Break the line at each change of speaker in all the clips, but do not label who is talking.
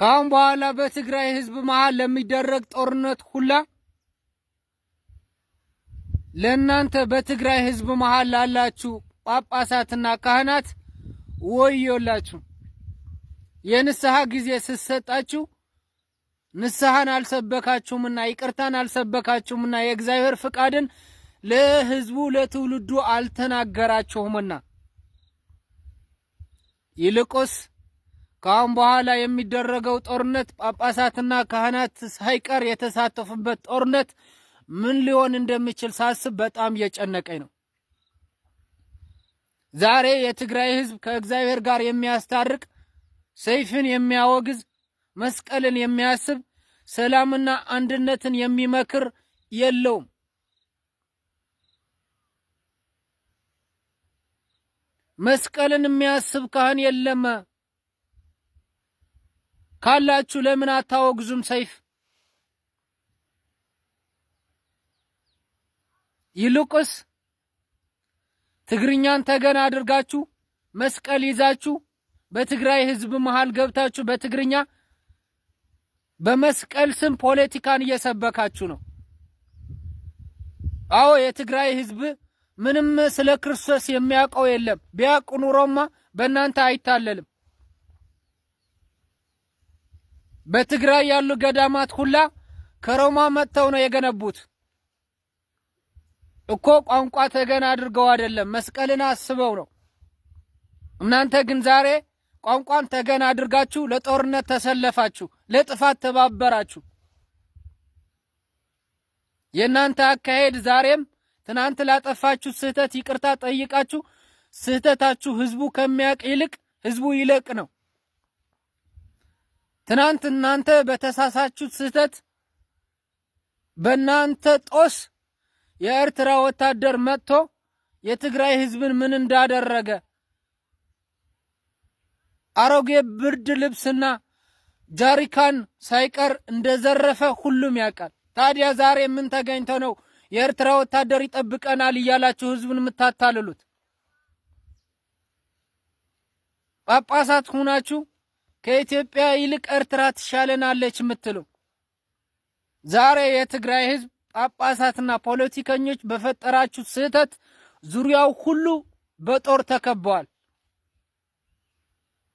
ከአሁን በኋላ በትግራይ ህዝብ መሀል ለሚደረግ ጦርነት ሁላ ለእናንተ በትግራይ ህዝብ መሀል ላላችሁ ጳጳሳትና ካህናት ወዮላችሁ። የንስሐ ጊዜ ስትሰጣችሁ ንስሐን አልሰበካችሁምና ይቅርታን አልሰበካችሁምና የእግዚአብሔር ፍቃድን ለህዝቡ ለትውልዱ አልተናገራችሁምና ይልቁስ ከአሁን በኋላ የሚደረገው ጦርነት ጳጳሳትና ካህናት ሳይቀር የተሳተፉበት ጦርነት ምን ሊሆን እንደሚችል ሳስብ በጣም እየጨነቀኝ ነው። ዛሬ የትግራይ ሕዝብ ከእግዚአብሔር ጋር የሚያስታርቅ ሰይፍን የሚያወግዝ መስቀልን የሚያስብ ሰላምና አንድነትን የሚመክር የለውም። መስቀልን የሚያስብ ካህን የለም። ካላችሁ ለምን አታወግዙም? ሰይፍ ይልቁስ ትግርኛን ተገን አድርጋችሁ መስቀል ይዛችሁ በትግራይ ህዝብ መሃል ገብታችሁ በትግርኛ በመስቀል ስም ፖለቲካን እየሰበካችሁ ነው። አዎ የትግራይ ህዝብ ምንም ስለ ክርስቶስ የሚያውቀው የለም። ቢያውቅ ኑሮማ በእናንተ አይታለልም። በትግራይ ያሉ ገዳማት ሁላ ከሮማ መጥተው ነው የገነቡት እኮ። ቋንቋ ተገን አድርገው አይደለም፣ መስቀልን አስበው ነው። እናንተ ግን ዛሬ ቋንቋን ተገን አድርጋችሁ ለጦርነት ተሰለፋችሁ፣ ለጥፋት ተባበራችሁ። የእናንተ አካሄድ ዛሬም ትናንት ላጠፋችሁ ስህተት ይቅርታ ጠይቃችሁ ስህተታችሁ ህዝቡ ከሚያውቅ ይልቅ ህዝቡ ይለቅ ነው። ትናንት እናንተ በተሳሳችሁት ስህተት በእናንተ ጦስ የኤርትራ ወታደር መጥቶ የትግራይ ህዝብን ምን እንዳደረገ አሮጌ ብርድ ልብስና ጃሪካን ሳይቀር እንደዘረፈ ሁሉም ያውቃል። ታዲያ ዛሬ ምን ተገኝቶ ነው የኤርትራ ወታደር ይጠብቀናል እያላችሁ ህዝብን የምታታልሉት? ጳጳሳት ሁናችሁ ከኢትዮጵያ ይልቅ ኤርትራ ትሻለናለች የምትለው ዛሬ የትግራይ ህዝብ ጳጳሳትና ፖለቲከኞች በፈጠራችሁ ስህተት ዙሪያው ሁሉ በጦር ተከበዋል፣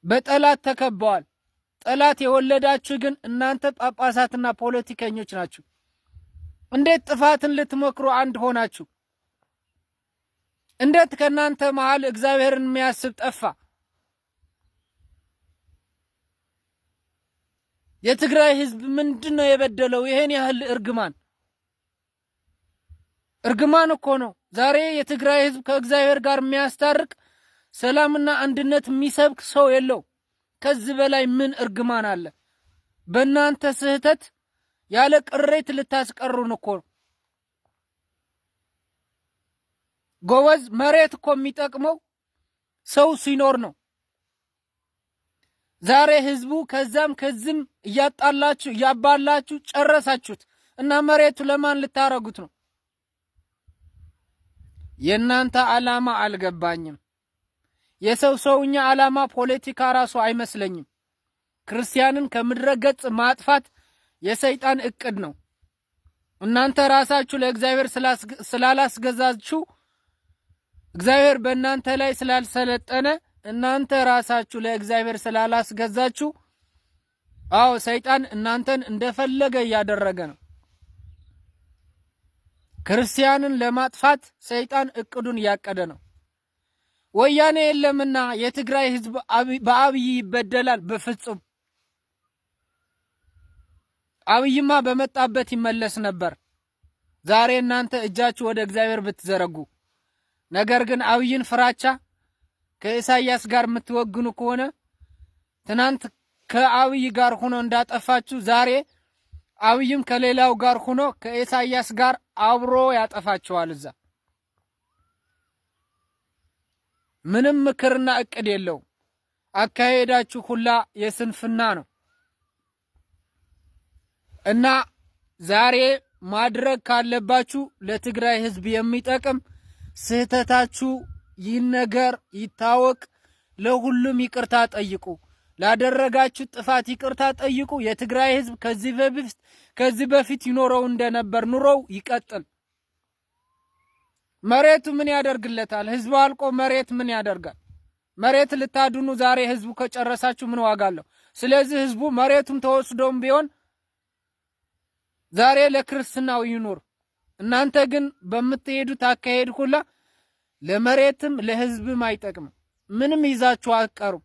በጠላት ተከበዋል። ጠላት የወለዳችሁ ግን እናንተ ጳጳሳትና ፖለቲከኞች ናችሁ። እንዴት ጥፋትን ልትመክሩ አንድ ሆናችሁ? እንዴት ከእናንተ መሃል እግዚአብሔርን የሚያስብ ጠፋ? የትግራይ ህዝብ ምንድን ነው የበደለው? ይሄን ያህል እርግማን እርግማን እኮ ነው። ዛሬ የትግራይ ህዝብ ከእግዚአብሔር ጋር የሚያስታርቅ ሰላምና አንድነት የሚሰብክ ሰው የለው። ከዚህ በላይ ምን እርግማን አለ? በእናንተ ስህተት ያለ ቅሬት ልታስቀሩን እኮ ጎበዝ መሬት እኮ የሚጠቅመው ሰው ሲኖር ነው። ዛሬ ህዝቡ ከዛም ከዝም እያጣላችሁ እያባላችሁ ጨረሳችሁት እና መሬቱ ለማን ልታረጉት ነው? የእናንተ ዓላማ አልገባኝም። የሰው ሰውኛ ዓላማ ፖለቲካ ራሱ አይመስለኝም። ክርስቲያንን ከምድረ ገጽ ማጥፋት የሰይጣን እቅድ ነው። እናንተ ራሳችሁ ለእግዚአብሔር ስላላስገዛችሁ እግዚአብሔር በእናንተ ላይ ስላልሰለጠነ እናንተ ራሳችሁ ለእግዚአብሔር ስላላስገዛችሁ፣ አዎ ሰይጣን እናንተን እንደፈለገ እያደረገ ነው። ክርስቲያንን ለማጥፋት ሰይጣን እቅዱን እያቀደ ነው። ወያኔ የለምና የትግራይ ህዝብ በአብይ ይበደላል። በፍጹም አብይማ በመጣበት ይመለስ ነበር። ዛሬ እናንተ እጃችሁ ወደ እግዚአብሔር ብትዘረጉ፣ ነገር ግን አብይን ፍራቻ ከኢሳያስ ጋር የምትወግኑ ከሆነ ትናንት ከአብይ ጋር ሆኖ እንዳጠፋችሁ ዛሬ አብይም ከሌላው ጋር ሆኖ ከኢሳያስ ጋር አብሮ ያጠፋችኋል። እዛ ምንም ምክርና እቅድ የለውም። አካሄዳችሁ ሁላ የስንፍና ነው እና ዛሬ ማድረግ ካለባችሁ ለትግራይ ሕዝብ የሚጠቅም ስህተታችሁ ይህን ነገር ይታወቅ። ለሁሉም ይቅርታ ጠይቁ። ላደረጋችሁ ጥፋት ይቅርታ ጠይቁ። የትግራይ ህዝብ ከዚህ በፊት ከዚህ በፊት ይኖረው እንደነበር ኑሮው ይቀጥል። መሬቱ ምን ያደርግለታል? ህዝቡ አልቆ መሬት ምን ያደርጋል? መሬት ልታድኑ ዛሬ ህዝቡ ከጨረሳችሁ ምን ዋጋ አለው? ስለዚህ ህዝቡ መሬቱም ተወስዶም ቢሆን ዛሬ ለክርስትናው ይኑር። እናንተ ግን በምትሄዱት አካሄድ ሁላ ለመሬትም ለህዝብም አይጠቅምም። ምንም ይዛችሁ አትቀሩም።